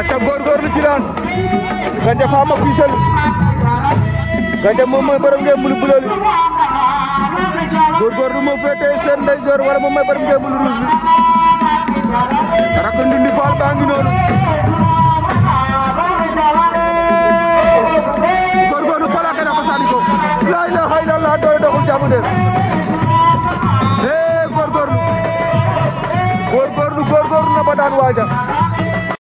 aca góorgóorlu Djilass Gandia Fama Fissel Gandia moom mooy borom ngeen bulu bulooli góorgóorlu moo féetee seen ndeyjoor wala moom mooy borom ngeen bulu rouge bi rakk Ndoundi Fall baa ngi noonu góorgóorlu palaake na ko sànni ko laa ilaaha illallaah doole doxul jaamu de hee góorgóorlu góorgóorlu góorgóorlu na ba daan waaja